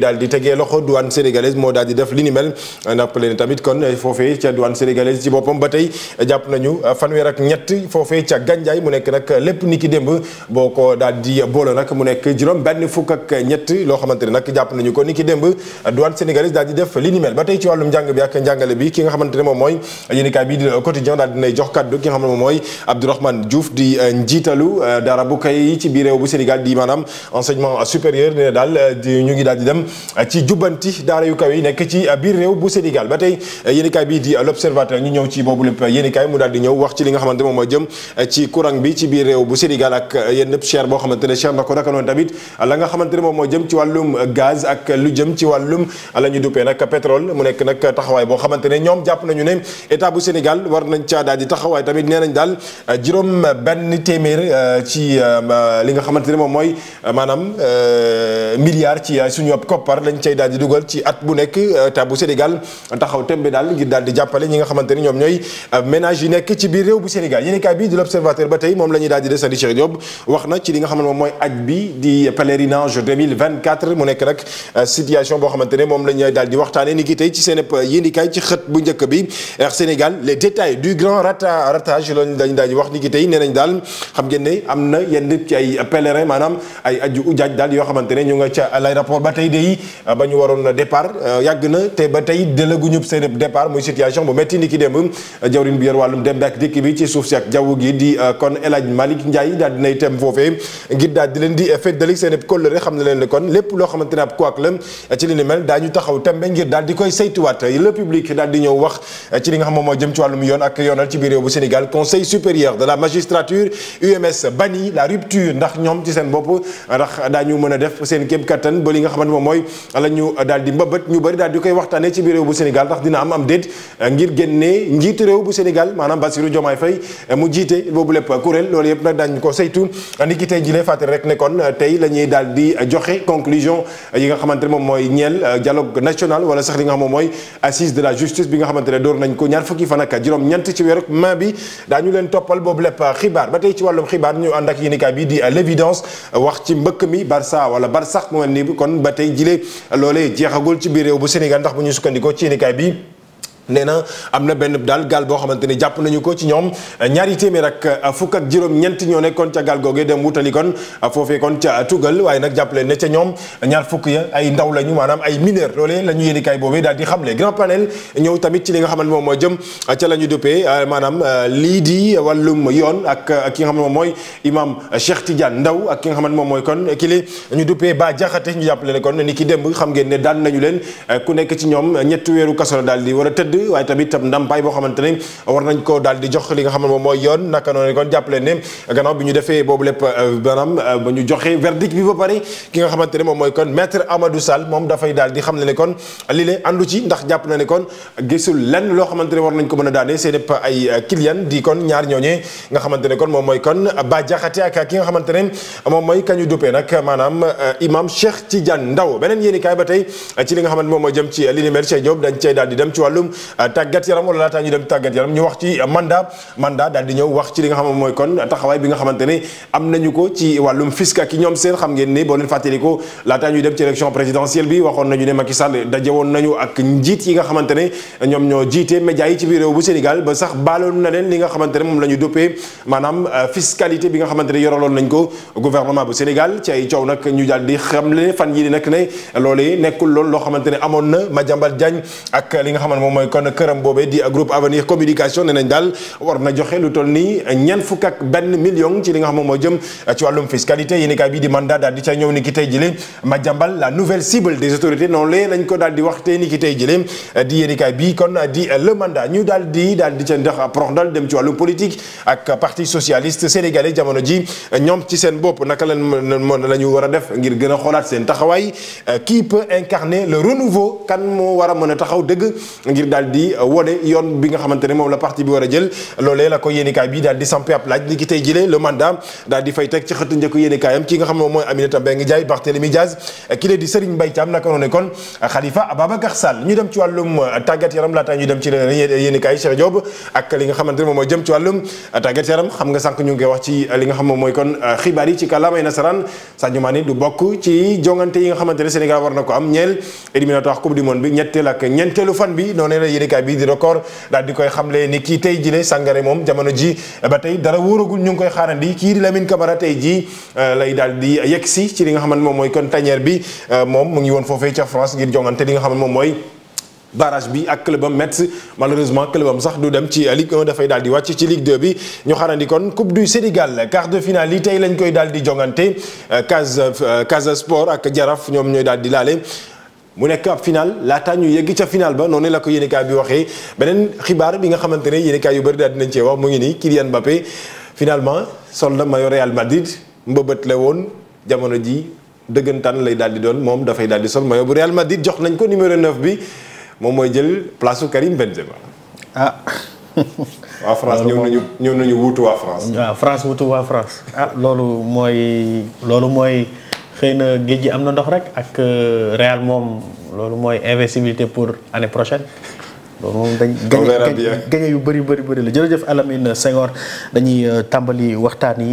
daal di tegee loxo douane sénégalaise moo daal di def li ni mel tamit kon eh, foofee ca douane sénégalaise ci boppam ba tey jàpp nañu eh, fanweer ak ñett foofee ca gànjaay mu nekk nag lépp ni ki démb boo ko daal di boole nag mu nekk juróom benn fukk ak ñett loo xamante ne nag jàpp nañu ko ni ki démb douane sénégalaise daal di def li ni ba tey ci wàllum njàng bi ak njàngale bi ki nga xamante ne moom mooy yéenekaay bi di quotidien daal dinay jox kaddu ki nga xam ne moom mooy Abdourahmane Diouf di eh, njiitalu dara bu kay ci biir réew bu Sénégal di maanaam enseignement supérieur ne daal ñu ngi daal di dem ci jubbanti daara yu kaw yi nekk ci biir réew bu Sénégal ba tey eh, yéenekaay bii di l'Observateur ñu ñëw ci boobu lépp yéenekaay mu daal di ñëw wax ci li nga xamante moom moo jëm eh, ci courant bi ci bu Sénégal ak eh, boo xamante ne cher na ko naka noonu tamit la nga moom moo jëm ci wàllum gaz ak lu jëm ci wàllum la ñu duppee nag pétrole mu nekk nag taxawaay boo xamante ne ñoom jàpp nañu ne état bu Sénégal war nañ caa daal di taxawaay tamit nee nañ daal juróom benn téeméer ci li nga xamante ne moom mooy maanaam milliard ci suñu ab COP koppar lañ cay daal di dugal ci at bu nekk état euh, bu Sénégal taxaw tembe daal ngir daal di jàppale ñi nga xamante ñoom ñooy euh, ménage yi nekk ci biir réew bu Sénégal yéen kaay bi di l'observateur ba tey ci li ne moom mooy aj bi di pèlerinage 2024 mu nekk nag euh, situation boo xamante ne bu njëkk bi Air Sénégal les détails du grand rata ratage loolu dañ di wax ni ki tey nee nañ daal xam ngeen am na yenn ci ay pèlerin maanaam ay aju ujaaj daal yoo xamante ñu nga ca l'aéroport ba tey yi euh, ba ñu waroon départ euh, yàgg na te ba tey dalaguñu seen départ muy situation bu métti ni ki euh, jawrin bi yor wàllum dem ak dikk bi ci suuf si ak jaww gi di kon El Hadj Malick Ndiaye daal dinay tem foofee ngir daal di leen di feddali seen kóllëre xam na leen ne kon lépp loo xamante ne ak yoonal ci biir réew bu Sénégal conseil supérieur de magistrature UMS bani la rupture ndax ñoom ci seen bopp ndax daañu mën a def seen kéem kattan ba mooy la ñu daal di mbëbët ñu bëri daal di koy waxtaanee ci biir réew bu Sénégal ndax dina am am déet ngir génnee njiitu réew bu Sénégal maanaam Bassirou Diomaye Faye mu jiite boobu lépp kuréel loolu yëpp nag daañu ko mooy ñeel dialogue national wala sax li nga xam moom la justice bi nga ne door nañ ko ñaar fukki fan ak juróom ñent ci weeru mai bi daañu leen toppal boobu lépp xibaar ba tey ci wàllum xibaar ñu ànd ak yéenekaay bi di l'évidence wax ci mbëkk mi Barça wala Barsax mu mel ni kon ba tey jile loolee jeexagul ci biir réew bu Sénégal ndax bu ñu sukkandikoo ci yéenekaay bi nee na am na benn daal gaal boo xamante ni jàpp nañu ko ci ñoom ñaari téeméer ak euh, fukk ak juróom ñeent ñoo kon ca gaal googee dem wutali kon euh, foofee kon ca tugal waaye nag jàppale ne ca ñoom ñaar fukk ya ay ndaw lañu maanaam ay mineur loolee la ñu yéenikaay boobee daal di xamle grand panel ñëw tamit ci li nga xam ne moom moo jëm euh, ca la ñu duppee maanaam lii di wàllum yoon ak ki nga xam ne moom mooy imam Cheikh Tidiane Ndaw ak ki nga xam ne moom mooy kon ki li Ba Jaxate ñu jàppale ne kon ni ki démb xam ngeen ne daan nañu leen ku nekk ci ñoom ñetti weeru kaso la daal di war a tëdd bi waaye tamit ndàmpaay boo xamante ni war nañ ko daal di jox li nga xam ne moom mooy yoon naka noonu kon jàppale ne gannaaw bi ñu defee boobu lépp euh, maanaam euh, ba ñu joxe ba pare ki nga xamante ne moom mooy kon maître Amadou Sall moom dafay di xam ne ne jàpp na ne kon gisul lenn loo xamante ne war nañ ko mën a daane seen ay euh, client di kon ñaar ñooñee kon moom mooy kon Bah Diakhaté ak ki nga xamante ne moom mooy kañu duppee nag maanaam imam Cheikh Tidiane Ndao beneen yéeni kaay ba tey ci li nga xamante moom mooy jëm ci li ni dañ cey daal di dem ci wàllum Euh, tàggat yaram wala laataa ñu dem tàggat yaram ñu wax ci mandat mandat daal ñëw wax ci li nga xam mooy kon taxawaay bi nga xamante ne am nañu ko ci wàllum fisc ñoom seen xam ngeen ni boo leen fàttaliko laataa ñuy dem ci élection présidentielle bi waxoon nañu ne Macky Sall daje woon nañu ak njiit yi nga xamante ne ñoom ñoo jiite média yi ci biir réew bu ba sax baaloon na leen li nga xamante ne moom la ñu doppee maanaam euh, fiscalité bi nga xamante ne yoraloon nañ ko gouvernement bu Sénégal ci ay coow nag ñu daal di xamle fan yi di nag nekkul lool loo xamante ne amoon na Madiambal Diagne ak li nga xamante moom mooy kon këram boobee di groupe avenir communication ne nañ daal war na joxe lu toll nii ñeent fukk ak benn million ci li nga xam moom moo jëm ci wàllum fiscalité yéenekaay bii di mandat daal di ca ñëw ni ki tey jëlee Madiambal la nouvelle cible des autorités noonu lee lañ ko daal di waxtee ni ki tey jëlee di ñu daal di daal di ca ndax prox dal dem ci wàllum politique ak parti socialiste sénégalais jamono ji ñoom ci seen bopp naka lañ mën la ñu war a def ngir gën a xoolaat seen taxawaay qui peut incarner l renouveau kan moo war a mën a taxaw dëgg daal di wone yoon bi nga xamante moom la parti bi war a jël loolee la ko yéenikaay bi daal di sampe ab laaj ki tey jëlee le mandat daal di fay teg ci xëtu njëkk yéenikaayam ki nga xam ne moom mooy Aminata Mbengue ñu dem ci wàllum tàggat yaram laataa ñu dem ci leneen yéenikaay Cheikh ak li nga xamante moom mooy kon xibaar yi ci kàllaamay nasaraan Sadio Mané du bokk ci jongante yi nga xamante Sénégal war na ko am ñeel éliminatoire coupe yéenekaay bi di record daal di koy xamle ni kii tey jile Sangaré moom jamono ji ba tey dara wóoragul ñu ngi koy xaarandi kii di Lamine Camara tey jii euh, lay daal di yegg si ci li nga xamante moom mooy kon tanière bi euh, moom mu ngi woon foofee ca France ngir jongante li nga xamante moom mooy barrage bi ak clubam Metz malheureusement clubam sax du dem ci Ligue 1 dafay daal di wàcc ci Ligue bi ñu xaarandi kon Coupe du Sénégal quart de finale yi tey lañ koy daal di jongante euh, Casa Casa Sport ak Jaraaf ñoom ñooy daal di laale. mu nekk ab final laataa ñu yegg ca final ba noonu la ko yéenekaay bi waxee beneen xibaar bi nga xamante ne yéenekaay yu bëri daal dinañ cee wax mu ngi nii Kylian Mbappé finalement sol na maillot Real Madrid mbëbët la woon jamono ji dëggantaan lay daal di doon moom dafay daal di sol maillot bu Real Madrid jox nañ ko numéro 9 bi moom mooy jël place su Karim Benzema. ah. waa France ñëw nañu ñëw nañu wuutu waa France. waaw France wuutu waa France ah loolu mooy xëy na géej gi am na ndox rek ak euh, Real moom loolu mooy invincibilité pour année prochaine. loolu moom dañ gañe gañe yu bëri bëri bëri la jëf Alamine Senghor dañuy euh, tàmbali waxtaan yi.